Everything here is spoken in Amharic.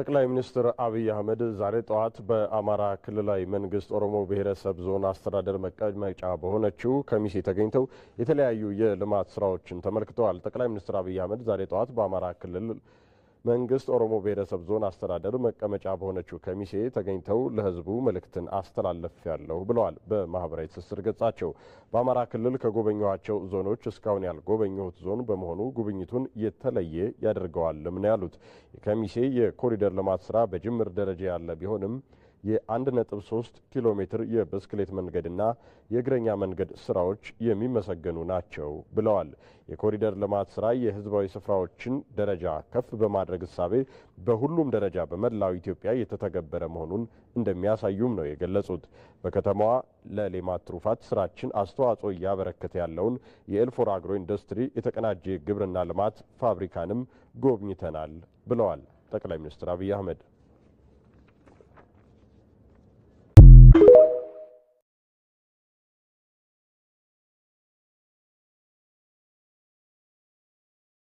ጠቅላይ ሚኒስትር አብይ አህመድ ዛሬ ጠዋት በአማራ ክልላዊ መንግስት ኦሮሞ ብሔረሰብ ዞን አስተዳደር መቀመጫ በሆነችው ከሚሴ ተገኝተው የተለያዩ የልማት ስራዎችን ተመልክተዋል። ጠቅላይ ሚኒስትር አብይ አህመድ ዛሬ ጠዋት በአማራ ክልል መንግስት ኦሮሞ ብሔረሰብ ዞን አስተዳደር መቀመጫ በሆነችው ከሚሴ ተገኝተው ለህዝቡ መልእክትን አስተላለፍ ያለሁ ብለዋል። በማህበራዊ ትስስር ገጻቸው በአማራ ክልል ከጎበኘኋቸው ዞኖች እስካሁን ያልጎበኘሁት ዞን በመሆኑ ጉብኝቱን የተለየ ያደርገዋልም ነው ያሉት። ከሚሴ የኮሪደር ልማት ስራ በጅምር ደረጃ ያለ ቢሆንም የ1.3 ኪሎ ሜትር የብስክሌት መንገድና የእግረኛ መንገድ ስራዎች የሚመሰገኑ ናቸው ብለዋል። የኮሪደር ልማት ስራ የህዝባዊ ስፍራዎችን ደረጃ ከፍ በማድረግ እሳቤ በሁሉም ደረጃ በመላው ኢትዮጵያ የተተገበረ መሆኑን እንደሚያሳዩም ነው የገለጹት። በከተማዋ ለሌማት ትሩፋት ስራችን አስተዋጽኦ እያበረከተ ያለውን የኤልፎር አግሮ ኢንዱስትሪ የተቀናጀ የግብርና ልማት ፋብሪካንም ጎብኝተናል ብለዋል ጠቅላይ ሚኒስትር አብይ አህመድ።